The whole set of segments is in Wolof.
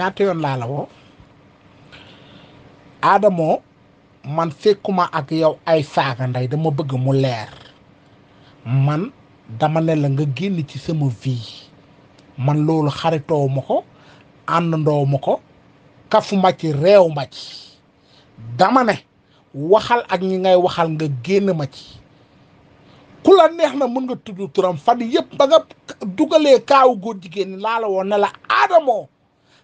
ñaata yoon laa la woo Adamo man fekkuma ak yow ay saaga ndey dama bëgg mu leer man dama ne la nga génn ci sama vie man loolu xaritoo ma ko àndandoo ma ko kafu ma ci réew ma ci dama ne waxal ak ñi ngay waxal nga génn ma ci ku la neex na mën nga tudd turam fan yëpp ba nga dugalee kaawu góor jigéen ñi laa la woon ne la Adamo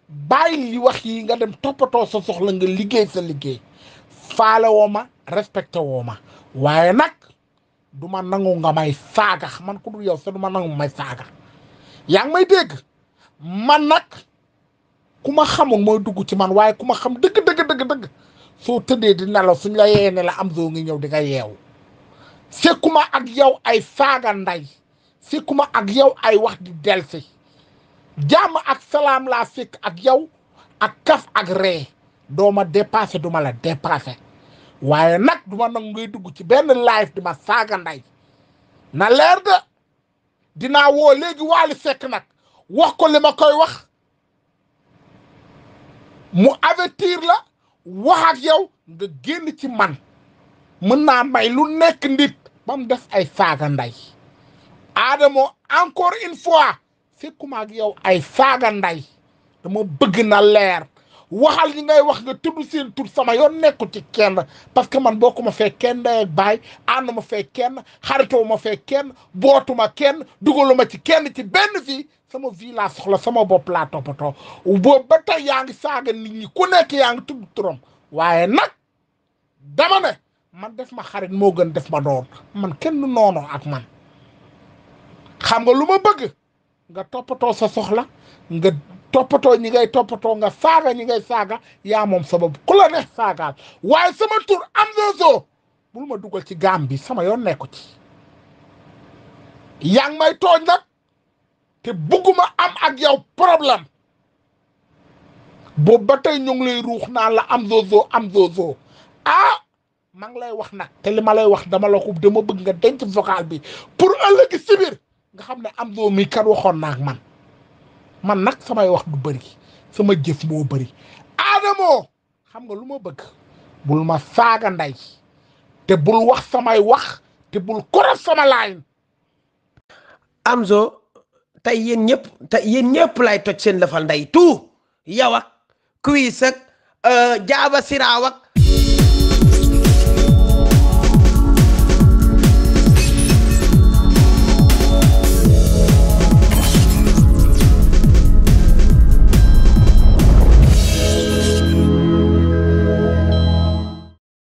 bàyyi li wax yi nga dem toppatoo sa soxla nga liggéey sa liggéey faale woo ma respecté woo ma waaye nag du ma nangu nga may saaga man ku dul yow sax du ma nangu may saaga yaa ngi may dégg man nag ku ma xamoon mooy dugg ci man waaye ku ma xam dëgg dëgg dëgg soo tëddee di nelaw suñ la yee ne la am soo ngi ñëw di nga yeewu sekkuma ak yow ay saaga nday sekkuma ak yow ay wax di delsi jàmm ak salaam laa fekk ak yow ak kaf ak ree doo ma dépassé du la dépassé waaye nag du ma ngay dugg ci benn live di ma saaga na leer de dinaa woo léegi Wally Seck nag wax ko li ma koy wax mu avertir la wax ak yow nga génn ci man mën naa may lu nekk nit ba mu def ay saaga nday encore une fois fekkuma ak yow ay saaga nday dama bëgg na leer waxal ñi ngay wax nga tudd seen tur sama yoon nekku ci kenn parce que man bokkuma fee kenn day ak baay ànduma fee kenn ma fee kenn bootuma kenn ma ci kenn ci benn vie sama vie laa soxla sama bopp laa toppatoo boobu ba tey yaa ngi saaga nit ñi ku nekk yaa ngi tudd turam waaye nag dama ne man def ma xarit moo gën def ma doon man kenn noonu ak man xam nga lu ma bëgg nga toppatoo sa soxla nga toppatoo ñi ngay toppatoo nga saaga ñi ngay saaga yaa moom sababu ku la neex saagaal waaye sama tur Amzo Zo bul ma dugal ci gaam bi sama yoon nekku ci yaa ngi may tooñ nag te bugguma am ak yow problème boobu ba tey ñu ngi lay ruux naan la Amzo Zo am Zo ah maa ngi lay wax nag te li ma lay wax dama la ko dama bëgg nga denc vocal bi pour ëllëg si nga xam ne am doo mi kat waxoon naa ak man man nag samay wax du bëri sama jëf moo bëri aadamoo xam nga lu ma bëgg bul ma saaga ndey te bul wax samay wax te bul koraf sama laayin Amzo tey yéen ñëpp tey lay toj seen lafal ndey tout yow ak kuis ak euh,